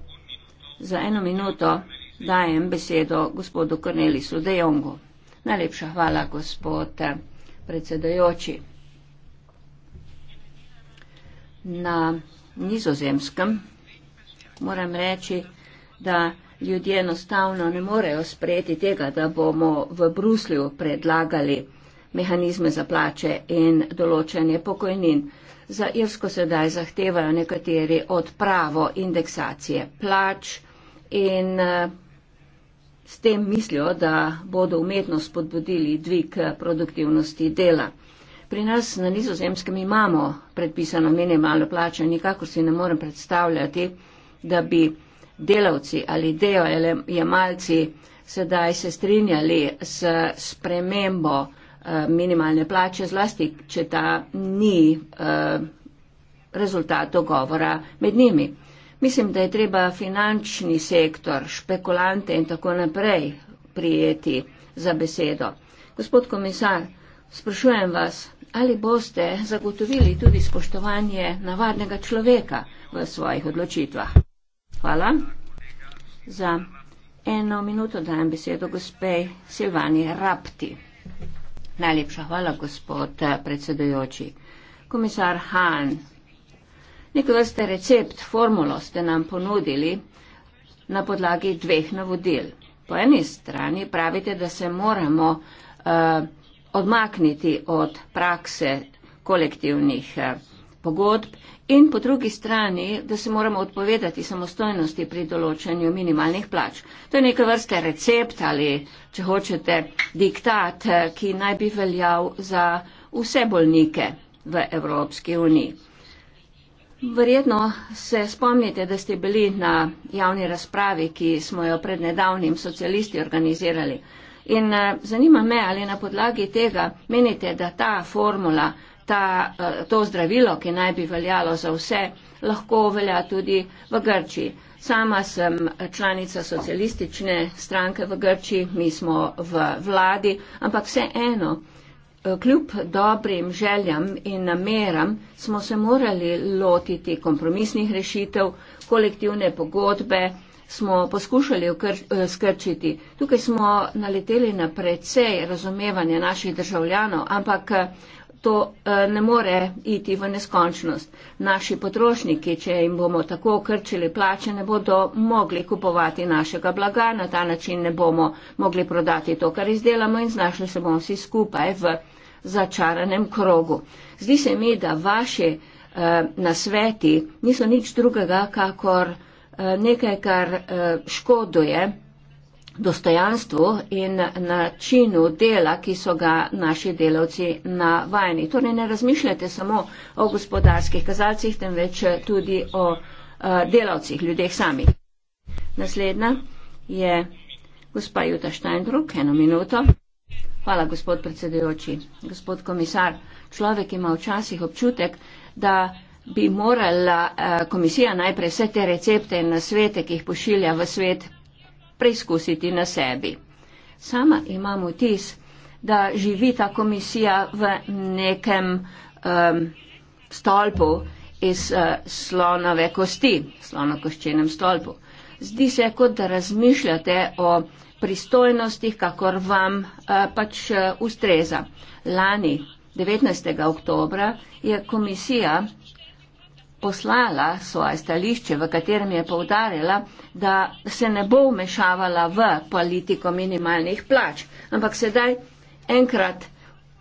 za eno minuto dajem besedo gospodu Kornelisu Dejongu. Najlepša hvala, gospod eh, predsedajoči. Na nizozemskem moram reči, da ljudje enostavno ne morejo sprejeti tega, da bomo v Bruslju predlagali mehanizme za plače in določanje pokojnin. Za Irsko sedaj zahtevajo nekateri odpravo indeksacije plač in uh, S tem mislijo, da bodo umetno spodbudili dvig eh, produktivnosti dela. Pri nas na nizozemskem imamo predpisano minimalno plačo in nikakor si ne morem predstavljati, da bi delavci ali delojemalci sedaj se strinjali s spremembo eh, minimalne plače, zlasti, če ta ni eh, rezultat dogovora med njimi. Mislim, da je treba finančni sektor, špekulante in tako naprej prijeti za besedo. Gospod komisar, sprašujem vas, ali boste zagotovili tudi spoštovanje navadnega človeka v svojih odločitvah? Hvala. Za eno minuto dajem besedo gospej Silvani Rapti. Najlepša hvala, gospod predsedujoči. Komisar Hahn, Nek vrste recept, formulo ste nam ponudili na podlagi dveh navodil. Po eni strani pravite, da se moramo uh, odmakniti od prakse kolektivnih uh, pogodb in po drugi strani, da se moramo odpovedati samostojnosti pri določanju minimalnih plač. To je neka vrste recept ali, če hočete, diktat, eh, ki naj bi veljal za vse bolnike v Evropski uniji. Verjetno se spomnite, da ste bili na javni razpravi, ki smo jo pred nedavnim socialisti organizirali. In eh, zanima me, ali na podlagi tega menite, da ta formula, ta, eh, to zdravilo, ki naj bi veljalo za vse, lahko velja tudi v Grčiji. Sama sem članica socialistične stranke v Grčiji, mi smo v vladi, ampak vse eno. Eh, kljub dobrim željam in nameram smo se morali lotiti kompromisnih rešitev, kolektivne pogodbe smo poskušali eh, skrčiti. Tukaj smo naleteli na precej razumevanje naših državljanov, ampak eh, to ne more iti v neskončnost. Naši potrošniki, če jim bomo tako okrčili plače, ne bodo mogli kupovati našega blaga, na ta način ne bomo mogli prodati to, kar izdelamo in znašli se bomo vsi skupaj v začaranem krogu. Zdi se mi, da vaše uh, nasveti niso nič drugega, kakor uh, nekaj, kar uh, škoduje dostojanstvu in načinu dela, ki so ga naši delavci navajeni. Torej ne razmišljate samo o gospodarskih kazalcih, temveč eh, tudi o uh, delavcih, ljudeh sami. Naslednja je gospa Juta Steindruck, eno minuto. Hvala, gospod predsedujoči. Gospod komisar, človek ima včasih občutek, da bi morala eh, komisija najprej vse te recepte in nasvete, ki jih pošilja v svet, preizkusiti na sebi. Sama imam vtis, da živi ta komisija v nekem um, stolpu iz uh, slonove kosti, slonokoščenem stolpu. Zdi se, kot da razmišljate o pristojnostih, kakor vam eh, pač eh, ustreza. Lani 19. oktobra je komisija poslala svoje stališče, v katerem je povdarjala, da se ne bo vmešavala v politiko minimalnih plač. Ampak sedaj enkrat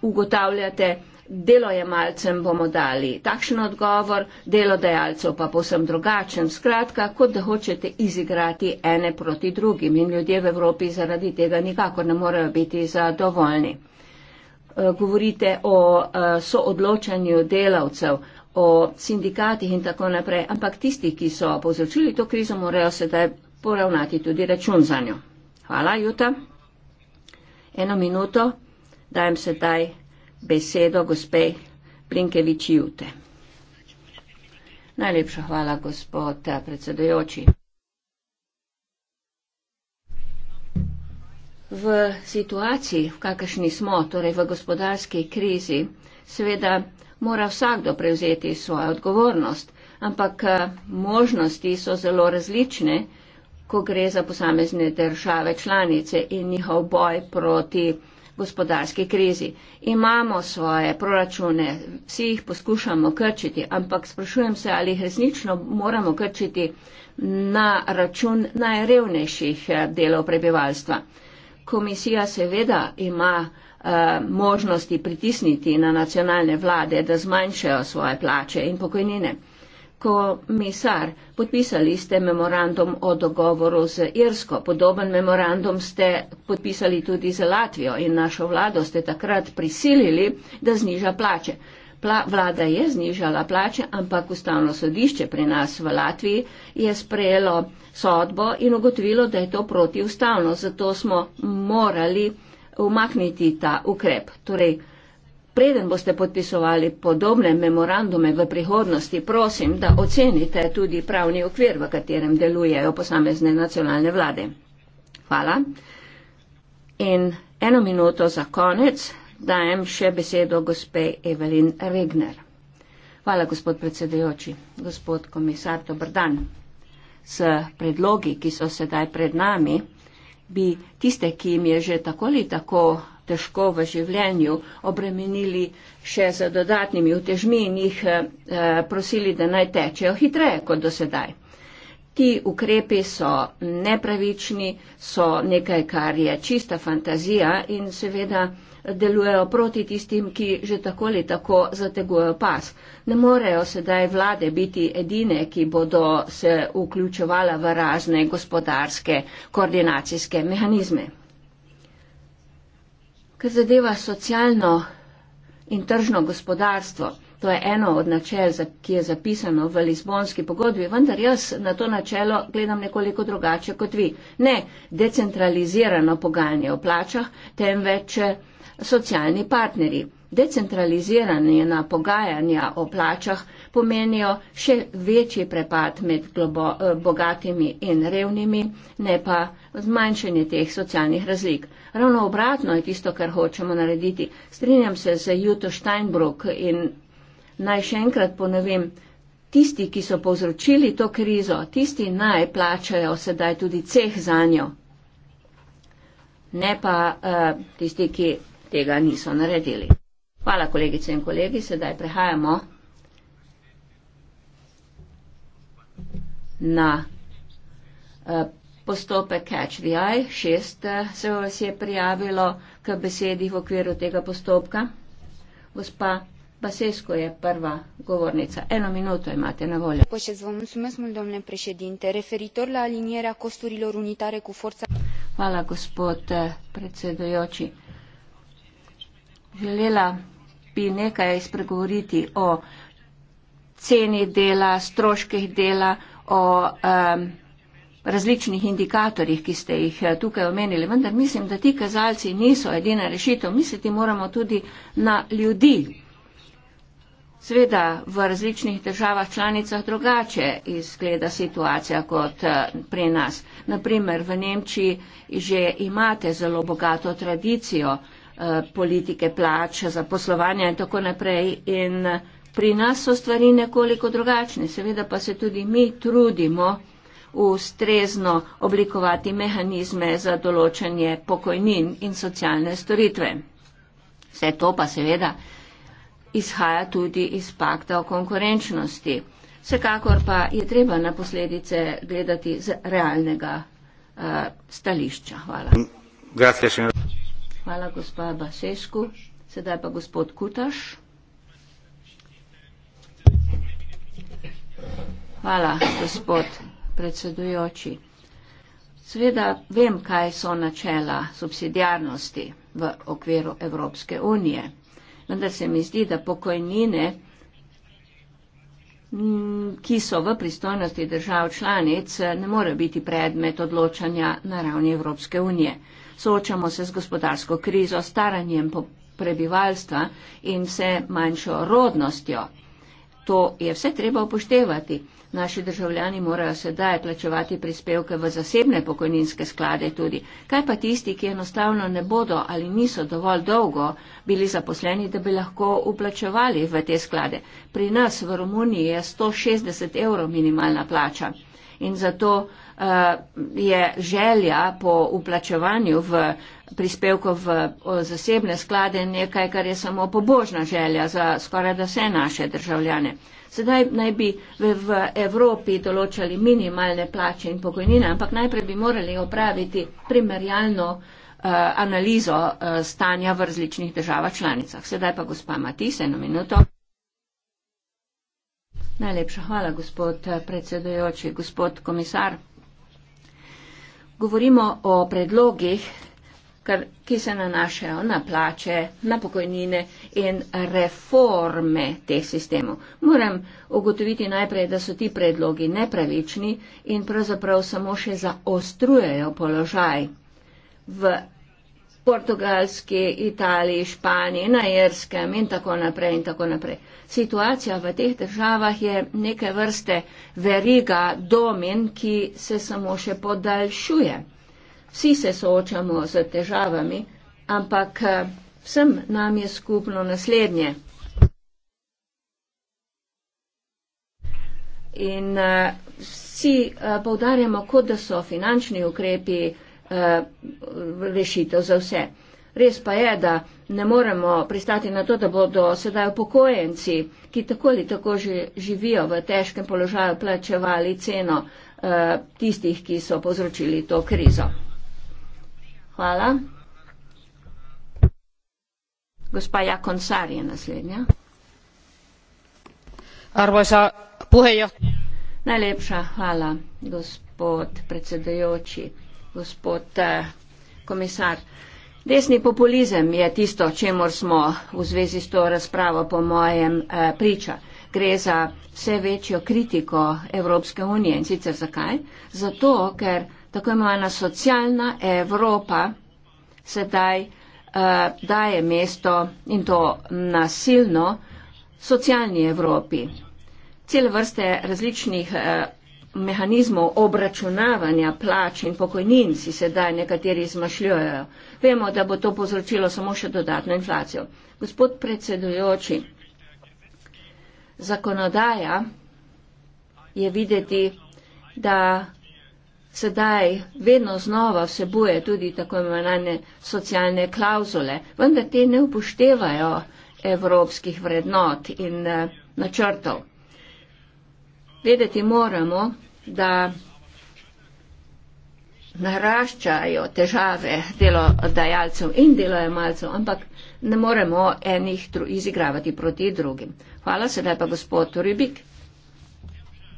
ugotavljate, delojemalcem bomo dali takšen odgovor, delodajalcev pa posem drugačen. Skratka, kot da hočete izigrati ene proti drugim in ljudje v Evropi zaradi tega nikako ne morejo biti zadovoljni. Eh, govorite o eh, soodločanju delavcev, o sindikatih in tako naprej, ampak tisti, ki so povzročili to krizo, morajo sedaj poravnati tudi račun za njo. Hvala, Juta. Eno minuto, dajem se taj besedo gospe Plinkevič Jute. Najlepša hvala, gospod eh, predsedujoči. V situaciji, v kakršni smo, torej v gospodarski krizi, seveda mora vsakdo prevzeti svojo odgovornost, ampak eh, možnosti so zelo različne, ko gre za posamezne države članice in njihov boj proti gospodarski krizi. Imamo svoje proračune, vsi jih poskušamo krčiti, ampak sprašujem se, ali jih resnično moramo krčiti na račun najrevnejših eh, delov prebivalstva. Komisija seveda ima uh, možnosti pritisniti na nacionalne vlade, da zmanjšajo svoje plače in pokojnine komisar, podpisali ste memorandum o dogovoru z Irsko. Podoben memorandum ste podpisali tudi z Latvijo in našo vlado ste takrat prisilili, da zniža plače. Pla, vlada je znižala plače, ampak ustavno sodišče pri nas v Latviji je sprejelo sodbo in ugotovilo, da je to protiustavno. Zato smo morali umakniti ta ukrep. Torej, preden boste podpisovali podobne memorandume v prihodnosti, prosim, da ocenite tudi pravni okvir, v katerem delujejo posamezne nacionalne vlade. Hvala. In eno minuto za konec dajem še besedo gospe Evelin Regner. Hvala, gospod predsedujoči. Gospod komisar, dobr dan. S predlogi, ki so sedaj pred nami, bi tiste, ki jim je že tako ali tako težko v življenju obremenili še z dodatnimi utežmi in jih eh, eh, prosili, da naj tečejo hitreje kot do sedaj. Ti ukrepi so nepravični, so nekaj, kar je čista fantazija in seveda delujejo proti tistim, ki že tako ali tako zategujejo pas. Ne morejo sedaj vlade biti edine, ki bodo se vključevala v razne gospodarske koordinacijske mehanizme. Kar zadeva socialno in tržno gospodarstvo, to je eno od načel, ki je zapisano v Lizbonski pogodbi, vendar jaz na to načelo gledam nekoliko drugače kot vi. Ne decentralizirano pogajanje o plačah, temveč eh, socialni partnerji decentralizirane na pogajanja o plačah pomenijo še večji prepad med globo, eh, bogatimi in revnimi, ne pa zmanjšanje teh socialnih razlik. Ravno obratno je tisto, kar hočemo narediti. Strinjam se z Juto Steinbrück in naj še enkrat ponovim, tisti, ki so povzročili to krizo, tisti naj plačajo sedaj tudi ceh za njo, ne pa uh, tisti, ki tega niso naredili. Hvala, kolegice in kolegi. Sedaj prehajamo na eh, postopek Catch the Eye. Šest eh, se vas je prijavilo k besedi v okviru tega postopka. Gospa Basesko je prva govornica. Eno minuto imate na voljo. Hvala, gospod eh, predsedujoči. Želela bi nekaj spregovoriti o ceni dela, stroških dela, o um, različnih indikatorjih, ki ste jih eh, tukaj omenili. Vendar mislim, da ti kazalci niso edina rešitev. Misliti moramo tudi na ljudi. Sveda v različnih državah članicah drugače izgleda situacija kot eh, pri nas. Naprimer, v Nemčiji že imate zelo bogato tradicijo uh, Eh, politike plače, zaposlovanja in tako naprej. In pri nas so stvari nekoliko drugačne. Seveda pa se tudi mi trudimo ustrezno oblikovati mehanizme za določanje pokojnin in socialne storitve. Vse to pa seveda izhaja tudi iz pakta o konkurenčnosti. Vsekakor pa je treba na posledice gledati z realnega uh, stališča. Hvala. Gracias, Hvala, gospa Basesku. Sedaj pa gospod Kutaš. Hvala, gospod predsedujoči. Sveda vem, kaj so načela subsidijarnosti v okviru Evropske unije, vendar se mi zdi, da pokojnine, ki so v pristojnosti držav članic, ne more biti predmet odločanja na ravni Evropske unije. Soočamo se z gospodarsko krizo, staranjem prebivalstva in vse manjšo rodnostjo. To je vse treba upoštevati. Naši državljani morajo sedaj plačevati prispevke v zasebne pokojninske sklade tudi. Kaj pa tisti, ki enostavno ne bodo ali niso dovolj dolgo bili zaposleni, da bi lahko uplačevali v te sklade? Pri nas v Romuniji je 160 evrov minimalna plača in zato Eh, je želja po uplačevanju v prispevkov v zasebne sklade nekaj, kar je samo pobožna želja za skoraj da vse naše državljane. Sedaj naj bi v Evropi določali minimalne plače in pokojnine, ampak najprej bi morali opraviti primerjalno eh, analizo eh, stanja v različnih državah članicah. Sedaj pa gospa Matis, eno minuto. Najlepša hvala, gospod predsedojoči, gospod komisar govorimo o predlogih, kar, ki se nanašajo na plače, na pokojnine in reforme teh sistemov. Moram ugotoviti najprej, da so ti predlogi nepravični in pravzaprav samo še zaostrujejo položaj v Portugalski, Italiji, Španiji, na Jerskem in tako naprej in tako naprej. Situacija v teh državah je neke vrste veriga domen, ki se samo še podaljšuje. Vsi se soočamo z težavami, ampak eh, vsem nam je skupno naslednje. In uh, vsi uh, eh, povdarjamo, kot da so finančni ukrepi uh, Eh, rešitev za vse. Res pa je, da ne moremo pristati na to, da bodo sedaj upokojenci, ki tako ali tako že živijo v težkem položaju, plačevali ceno eh, tistih, ki so povzročili to krizo. Hvala. Gospa Jakon Sar je naslednja. Arvoisa puhejo. Najlepša hvala, gospod predsedujoči gospod eh, komisar. Desni populizem je tisto, čemor smo v zvezi s to razpravo po mojem eh, priča. Gre za vse večjo kritiko Evropske unije in sicer zakaj? Zato, ker tako imena socialna Evropa sedaj uh, daje mesto in to nasilno socialni Evropi. Cel vrste različnih uh, mehanizmov obračunavanja plač in pokojnin si sedaj nekateri izmašljujejo. Vemo, da bo to povzročilo samo še dodatno inflacijo. Gospod predsedujoči, zakonodaja je videti, da sedaj vedno znova vsebuje tudi tako imenovane socialne klauzule, vendar te ne upoštevajo evropskih vrednot in eh, načrtov. Vedeti moramo, da naraščajo težave delodajalcev in delojemalcev, ampak ne moremo enih izigravati proti drugim. Hvala se lepa, gospod Rubik.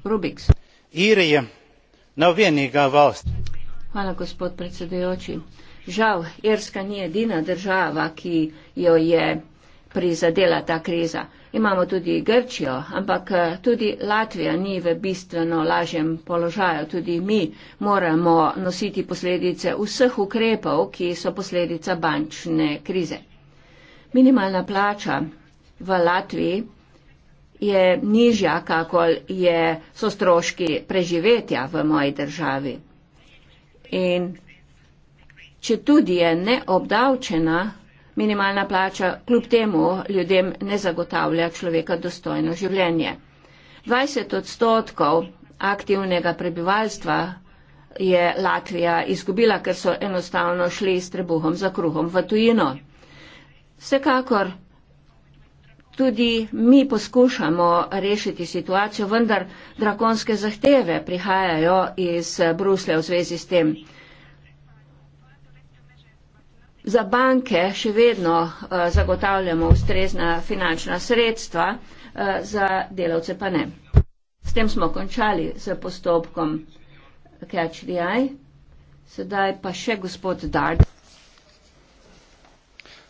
Rubiks. Irije, novinega vost. Hvala, gospod predsedujoči. Žal, Irska ni edina država, ki jo je prizadela ta kriza imamo tudi Grčijo, ampak eh, tudi Latvija ni v bistveno lažjem položaju. Tudi mi moramo nositi posledice vseh ukrepov, ki so posledica bančne krize. Minimalna plača v Latviji je nižja, kakor je so stroški preživetja v moji državi. In če tudi je neobdavčena, Minimalna plača kljub temu ljudem ne zagotavlja človeka dostojno življenje. 20 odstotkov aktivnega prebivalstva je Latvija izgubila, ker so enostavno šli s trebuhom za kruhom v tujino. Vsekakor tudi mi poskušamo rešiti situacijo, vendar drakonske zahteve prihajajo iz Bruslja v zvezi s tem. Za banke še vedno eh, zagotavljamo ustrezna finančna sredstva, eh, za delavce pa ne. S tem smo končali z postopkom CatchDI. Sedaj pa še gospod Dard.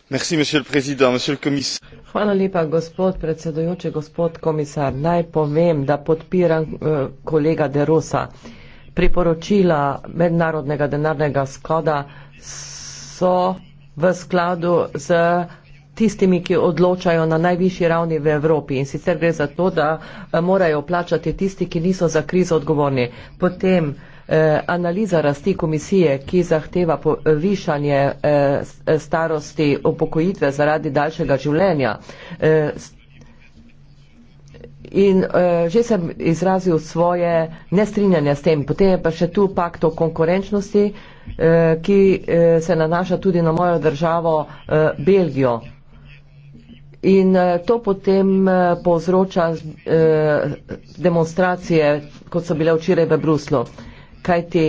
Merci, monsieur le président, monsieur le commissaire. Hvala lepa, gospod predsedujoči, gospod komisar. Naj povem, da podpiram eh, kolega De Rosa. Priporočila mednarodnega denarnega sklada so v skladu z tistimi, ki odločajo na najvišji ravni v Evropi. In sicer gre za to, da eh, morajo plačati tisti, ki niso za krizo odgovorni. Potem eh, analiza rasti komisije, ki zahteva povišanje eh, starosti upokojitve zaradi daljšega življenja. Eh, In uh, že sem izrazil svoje nestrinjanje s tem. Potem je pa še tu pakt o konkurenčnosti, uh, ki uh, se nanaša tudi na mojo državo uh, Belgijo. In uh, to potem uh, povzroča uh, demonstracije, kot so bile včeraj v Bruslu. Kaj ti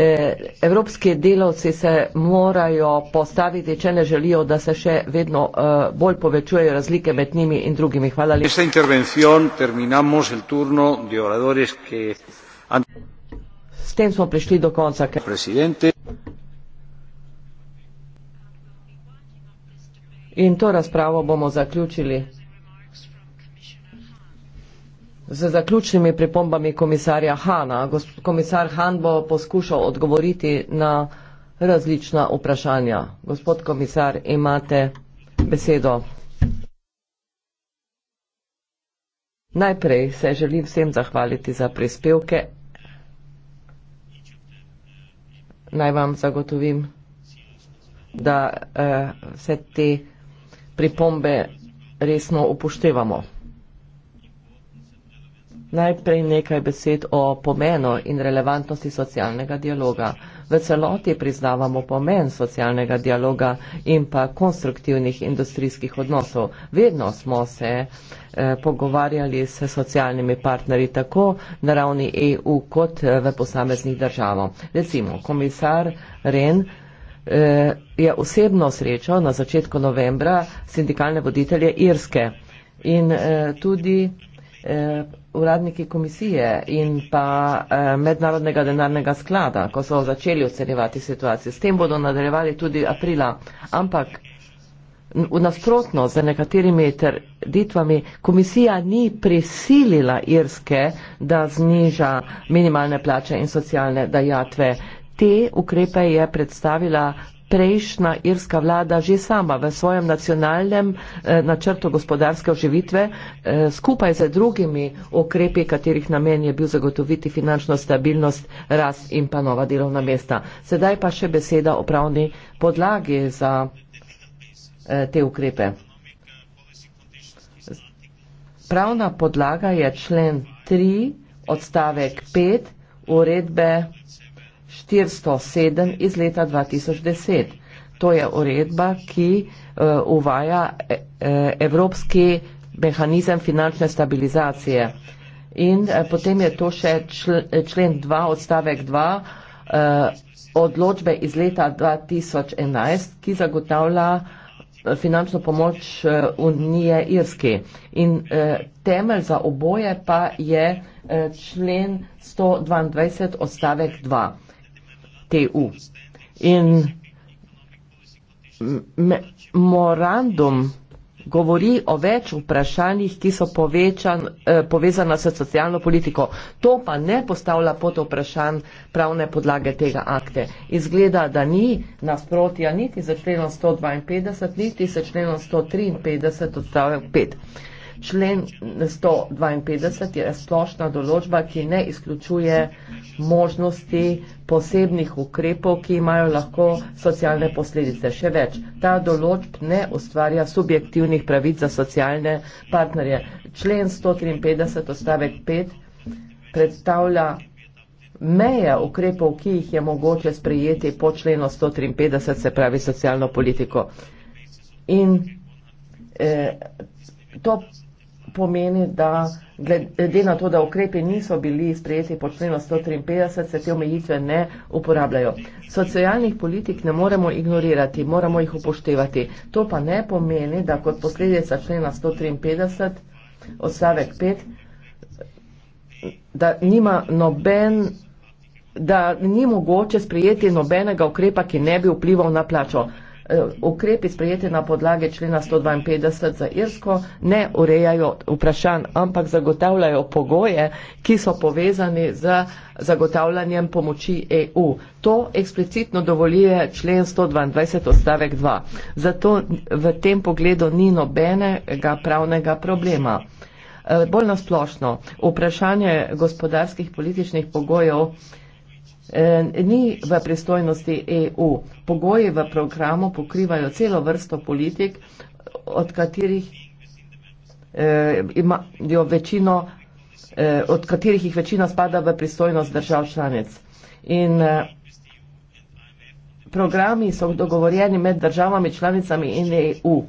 Eh, evropski delavci se morajo postaviti, če ne želijo, da se še vedno eh, bolj povečujejo razlike med njimi in drugimi. Hvala lepa. S tem smo prišli do konca. In to razpravo bomo zaključili z zaključnimi pripombami komisarja Hana. Komisar Han bo poskušal odgovoriti na različna vprašanja. Gospod komisar, imate besedo. Najprej se želim vsem zahvaliti za prispevke. Naj vam zagotovim, da eh, vse te pripombe resno upoštevamo. Najprej nekaj besed o pomenu in relevantnosti socialnega dialoga. V celoti priznavamo pomen socialnega dialoga in pa konstruktivnih industrijskih odnosov. Vedno smo se eh, pogovarjali s socialnimi partnerji tako na ravni EU kot eh, v posameznih državah. Recimo, komisar Ren eh, je osebno srečal na začetku novembra sindikalne voditelje Irske in eh, tudi. Eh, uradniki komisije in pa eh, mednarodnega denarnega sklada, ko so začeli ocenjevati situacijo. S tem bodo nadaljevali tudi aprila. Ampak v nasprotno z nekaterimi trditvami, komisija ni prisilila Irske, da zniža minimalne plače in socialne dajatve. Te ukrepe je predstavila prejšnja irska vlada že sama v svojem nacionalnem eh, načrtu gospodarske oživitve eh, skupaj z drugimi ukrepi, katerih namen je bil zagotoviti finančno stabilnost, rast in pa nova delovna mesta. Sedaj pa še beseda o pravni podlagi za eh, te ukrepe. Pravna podlaga je člen 3 odstavek 5 uredbe 407 iz leta 2010. To je uredba, ki uh, uvaja uh, evropski mehanizem finančne stabilizacije. In uh, potem je to še čl člen 2 odstavek 2 uh, eh, odločbe iz leta 2011, ki zagotavlja finančno pomoč uh, Unije Irske. In uh, temelj za oboje pa je uh, člen 122 odstavek 2. TU. In memorandum govori o več vprašanjih, ki so povečan, eh, povezana s socialno politiko. To pa ne postavlja pod vprašan pravne podlage tega akte. Izgleda, da ni nasprotja niti z členom 152, niti z členom 153 odstavek 5. Člen 152 je splošna določba, ki ne izključuje možnosti posebnih ukrepov, ki imajo lahko socialne posledice. Še več, ta določb ne ustvarja subjektivnih pravic za socialne partnerje. Člen 153 odstavek 5 predstavlja meje ukrepov, ki jih je mogoče sprejeti po členu 153, se pravi socialno politiko. In eh, to pomeni, da glede na to, da ukrepi niso bili sprejeti pod členom 153, se te omejitve ne uporabljajo. Socialnih politik ne moremo ignorirati, moramo jih upoštevati. To pa ne pomeni, da kot posledica člena 153 odstavek 5, da nima noben da ni mogoče sprejeti nobenega ukrepa, ki ne bi vplival na plačo. Eh, ukrepi sprejeti na podlage člena 152 za Irsko ne urejajo vprašanj, ampak zagotavljajo pogoje, ki so povezani z zagotavljanjem pomoči EU. To eksplicitno dovoljuje člen 122 odstavek 2. Zato v tem pogledu ni nobenega pravnega problema. Eh, bolj nasplošno, vprašanje gospodarskih političnih pogojev E, ni v pristojnosti EU. Pogoji v programu pokrivajo celo vrsto politik, od katerih e, imajo večino e, od katerih jih večina spada v pristojnost držav članic. In programi so dogovorjeni med državami, članicami in EU.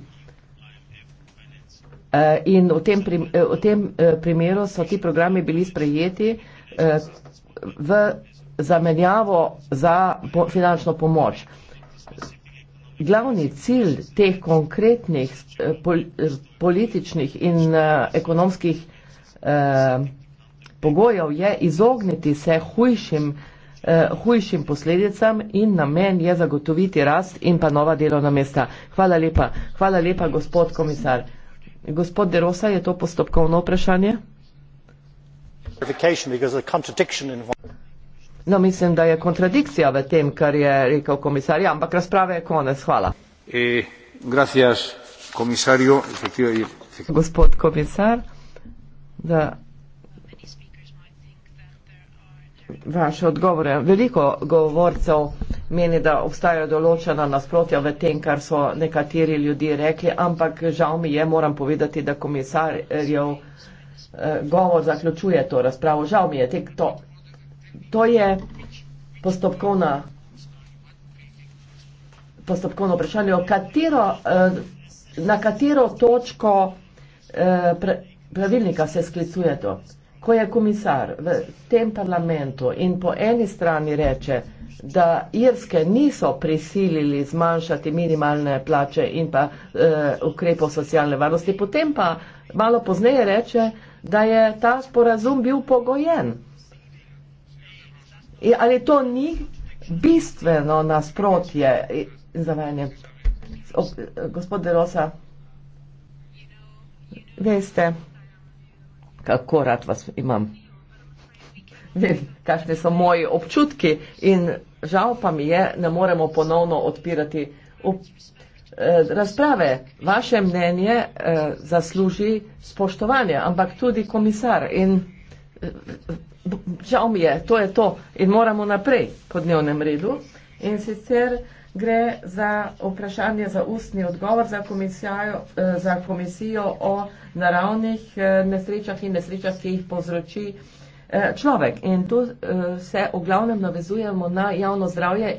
In v tem, prim, v tem primeru so ti programi bili sprejeti v zamenjavo za po finančno pomoč. Glavni cilj teh konkretnih eh, pol eh, političnih in uh, ekonomskih uh, pogojev je izogniti se hujšim, uh, hujšim posledicam in namen je zagotoviti rast in pa nova delovna mesta. Hvala lepa, hvala lepa, gospod komisar. Gospod Derosa, je to postopkovno vprašanje? No, mislim, da je kontradikcija v tem, kar je rekel komisar. Ja, ampak razprave je konec. Hvala. E, gracias, komisarju. Gospod komisar, da vaše odgovore. Veliko govorcev meni, da obstajajo določena nasprotja v tem, kar so nekateri ljudje rekli, ampak žal mi je, moram povedati, da komisarjev eh, govor zaključuje to razpravo. Žal mi je, tek to To je postopkovna, postopkovno vprašanje, katero, eh, na katero točko eh, pravilnika se sklicuje to. Ko je komisar v tem parlamentu in po eni strani reče, da Irske niso prisilili zmanjšati minimalne plače in pa e, ukrepov socialne varnosti, potem pa malo pozneje reče, da je ta sporazum bil pogojen ali to ni bistveno nasprotje in zavajanje? Gospod Derosa, veste, kako rad vas imam. Vem, kakšni so moji občutki in žal pa mi je, ne moremo ponovno odpirati ob, eh, razprave. Vaše mnenje eh, zasluži spoštovanje, ampak tudi komisar. In, eh, žal mi je, to je to in moramo naprej po dnevnem redu. In sicer gre za vprašanje za ustni odgovor za komisijo, eh, za komisijo o naravnih eh, nesrečah in nesrečah, ki jih povzroči eh, človek. In tu se v glavnem navezujemo na javno zdravje.